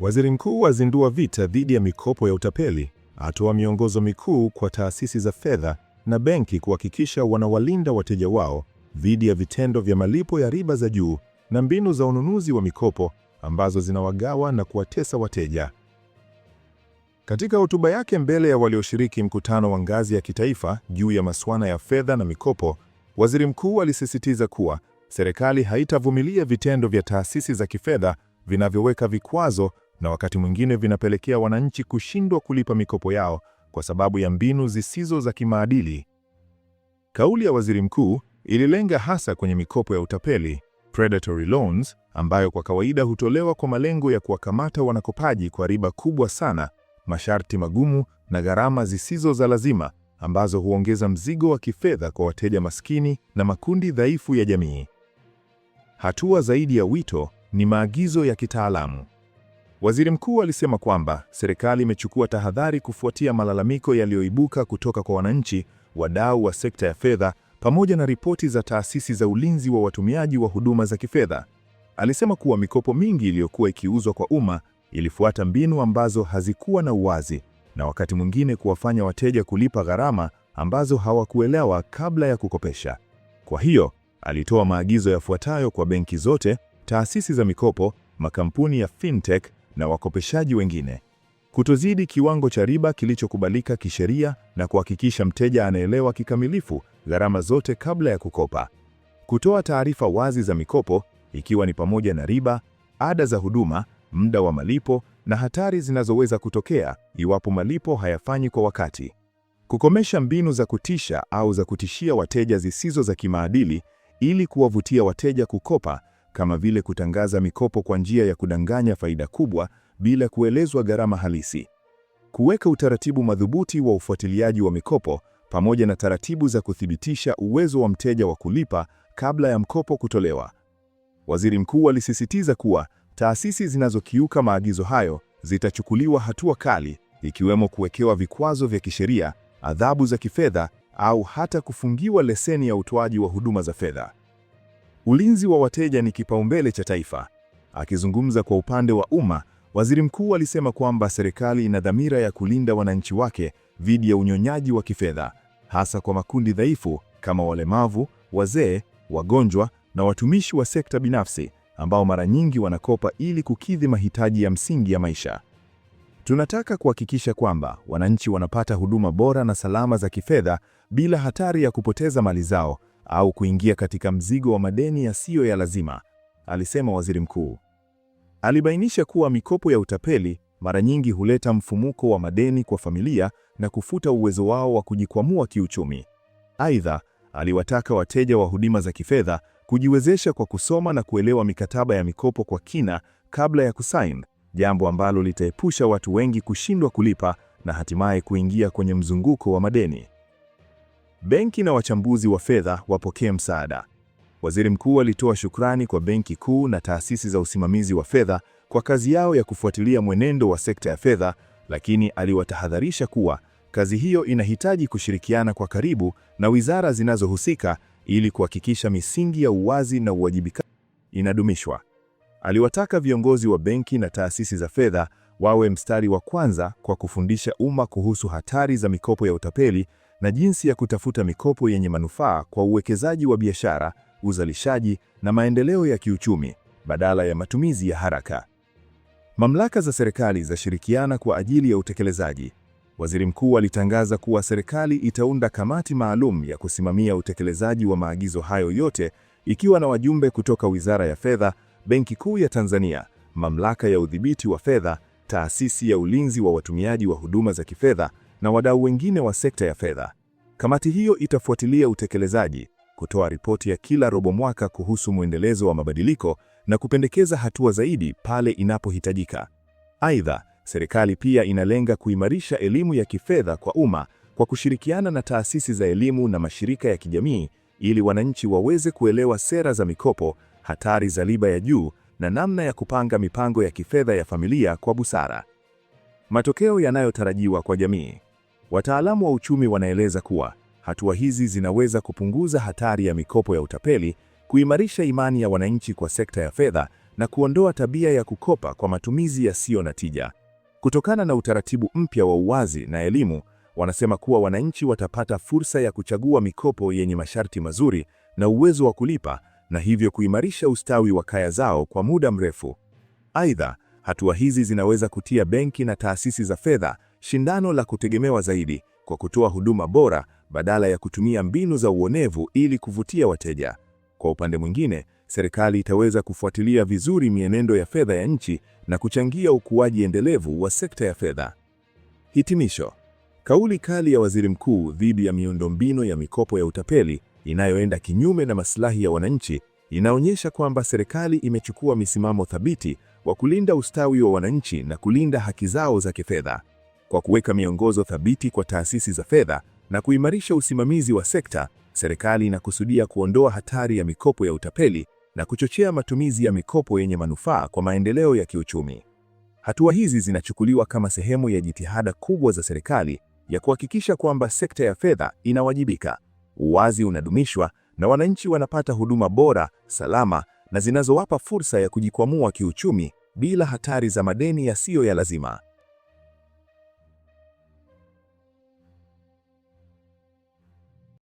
Waziri Mkuu azindua vita dhidi ya mikopo ya utapeli, atoa miongozo mikuu kwa taasisi za fedha na benki kuhakikisha wanawalinda wateja wao dhidi ya vitendo vya malipo ya riba za juu na mbinu za ununuzi wa mikopo ambazo zinawagawa na kuwatesa wateja. Katika hotuba yake mbele ya walioshiriki mkutano wa ngazi ya kitaifa juu ya masuala ya fedha na mikopo, Waziri Mkuu alisisitiza kuwa serikali haitavumilia vitendo vya taasisi za kifedha vinavyoweka vikwazo na wakati mwingine vinapelekea wananchi kushindwa kulipa mikopo yao kwa sababu ya mbinu zisizo za kimaadili. Kauli ya waziri mkuu ililenga hasa kwenye mikopo ya utapeli, predatory loans, ambayo kwa kawaida hutolewa kwa malengo ya kuwakamata wanakopaji kwa riba kubwa sana, masharti magumu na gharama zisizo za lazima ambazo huongeza mzigo wa kifedha kwa wateja maskini na makundi dhaifu ya jamii. Hatua zaidi ya wito ni maagizo ya kitaalamu. Waziri mkuu alisema kwamba serikali imechukua tahadhari kufuatia malalamiko yaliyoibuka kutoka kwa wananchi, wadau wa sekta ya fedha, pamoja na ripoti za taasisi za ulinzi wa watumiaji wa huduma za kifedha. Alisema kuwa mikopo mingi iliyokuwa ikiuzwa kwa umma ilifuata mbinu ambazo hazikuwa na uwazi na wakati mwingine kuwafanya wateja kulipa gharama ambazo hawakuelewa kabla ya kukopesha. Kwa hiyo, alitoa maagizo yafuatayo kwa benki zote, taasisi za mikopo, makampuni ya fintech na wakopeshaji wengine, kutozidi kiwango cha riba kilichokubalika kisheria na kuhakikisha mteja anaelewa kikamilifu gharama zote kabla ya kukopa, kutoa taarifa wazi za mikopo ikiwa ni pamoja na riba, ada za huduma, muda wa malipo na hatari zinazoweza kutokea iwapo malipo hayafanyi kwa wakati, kukomesha mbinu za kutisha au za kutishia wateja zisizo za kimaadili ili kuwavutia wateja kukopa kama vile kutangaza mikopo kwa njia ya kudanganya faida kubwa bila kuelezwa gharama halisi. Kuweka utaratibu madhubuti wa ufuatiliaji wa mikopo pamoja na taratibu za kuthibitisha uwezo wa mteja wa kulipa kabla ya mkopo kutolewa. Waziri Mkuu alisisitiza kuwa taasisi zinazokiuka maagizo hayo zitachukuliwa hatua kali, ikiwemo kuwekewa vikwazo vya kisheria, adhabu za kifedha au hata kufungiwa leseni ya utoaji wa huduma za fedha. Ulinzi wa wateja ni kipaumbele cha taifa. Akizungumza kwa upande wa umma, waziri mkuu alisema kwamba serikali ina dhamira ya kulinda wananchi wake dhidi ya unyonyaji wa kifedha, hasa kwa makundi dhaifu kama walemavu, wazee, wagonjwa na watumishi wa sekta binafsi ambao mara nyingi wanakopa ili kukidhi mahitaji ya msingi ya maisha. Tunataka kuhakikisha kwamba wananchi wanapata huduma bora na salama za kifedha bila hatari ya kupoteza mali zao, au kuingia katika mzigo wa madeni yasiyo ya lazima, alisema waziri mkuu. Alibainisha kuwa mikopo ya utapeli mara nyingi huleta mfumuko wa madeni kwa familia na kufuta uwezo wao wa kujikwamua kiuchumi. Aidha, aliwataka wateja wa huduma za kifedha kujiwezesha kwa kusoma na kuelewa mikataba ya mikopo kwa kina kabla ya kusign, jambo ambalo litaepusha watu wengi kushindwa kulipa na hatimaye kuingia kwenye mzunguko wa madeni. Benki na wachambuzi wa fedha wapokee msaada. Waziri Mkuu alitoa shukrani kwa Benki Kuu na taasisi za usimamizi wa fedha kwa kazi yao ya kufuatilia mwenendo wa sekta ya fedha, lakini aliwatahadharisha kuwa kazi hiyo inahitaji kushirikiana kwa karibu na wizara zinazohusika ili kuhakikisha misingi ya uwazi na uwajibikaji inadumishwa. Aliwataka viongozi wa benki na taasisi za fedha wawe mstari wa kwanza kwa kufundisha umma kuhusu hatari za mikopo ya utapeli na jinsi ya kutafuta mikopo yenye manufaa kwa uwekezaji wa biashara, uzalishaji na maendeleo ya kiuchumi badala ya matumizi ya haraka. Mamlaka za serikali zashirikiana kwa ajili ya utekelezaji. Waziri Mkuu alitangaza kuwa serikali itaunda kamati maalum ya kusimamia utekelezaji wa maagizo hayo yote ikiwa na wajumbe kutoka Wizara ya Fedha, Benki Kuu ya Tanzania, Mamlaka ya Udhibiti wa Fedha, Taasisi ya Ulinzi wa Watumiaji wa Huduma za Kifedha na wadau wengine wa sekta ya fedha. Kamati hiyo itafuatilia utekelezaji, kutoa ripoti ya kila robo mwaka kuhusu mwendelezo wa mabadiliko na kupendekeza hatua zaidi pale inapohitajika. Aidha, serikali pia inalenga kuimarisha elimu ya kifedha kwa umma kwa kushirikiana na taasisi za elimu na mashirika ya kijamii ili wananchi waweze kuelewa sera za mikopo, hatari za riba ya juu na namna ya kupanga mipango ya kifedha ya familia kwa busara. Matokeo yanayotarajiwa kwa jamii. Wataalamu wa uchumi wanaeleza kuwa hatua hizi zinaweza kupunguza hatari ya mikopo ya utapeli, kuimarisha imani ya wananchi kwa sekta ya fedha na kuondoa tabia ya kukopa kwa matumizi yasiyo na tija. Kutokana na utaratibu mpya wa uwazi na elimu, wanasema kuwa wananchi watapata fursa ya kuchagua mikopo yenye masharti mazuri na uwezo wa kulipa na hivyo kuimarisha ustawi wa kaya zao kwa muda mrefu. Aidha, hatua hizi zinaweza kutia benki na taasisi za fedha shindano la kutegemewa zaidi kwa kutoa huduma bora badala ya kutumia mbinu za uonevu ili kuvutia wateja. Kwa upande mwingine, serikali itaweza kufuatilia vizuri mienendo ya fedha ya nchi na kuchangia ukuaji endelevu wa sekta ya fedha. Hitimisho. Kauli kali ya Waziri Mkuu dhidi ya miundombinu ya mikopo ya utapeli inayoenda kinyume na maslahi ya wananchi inaonyesha kwamba serikali imechukua misimamo thabiti wa kulinda ustawi wa wananchi na kulinda haki zao za kifedha. Kwa kuweka miongozo thabiti kwa taasisi za fedha na kuimarisha usimamizi wa sekta, serikali inakusudia kuondoa hatari ya mikopo ya utapeli na kuchochea matumizi ya mikopo yenye manufaa kwa maendeleo ya kiuchumi. Hatua hizi zinachukuliwa kama sehemu ya jitihada kubwa za serikali ya kuhakikisha kwamba sekta ya fedha inawajibika, uwazi unadumishwa na wananchi wanapata huduma bora, salama na zinazowapa fursa ya kujikwamua kiuchumi bila hatari za madeni yasiyo ya lazima.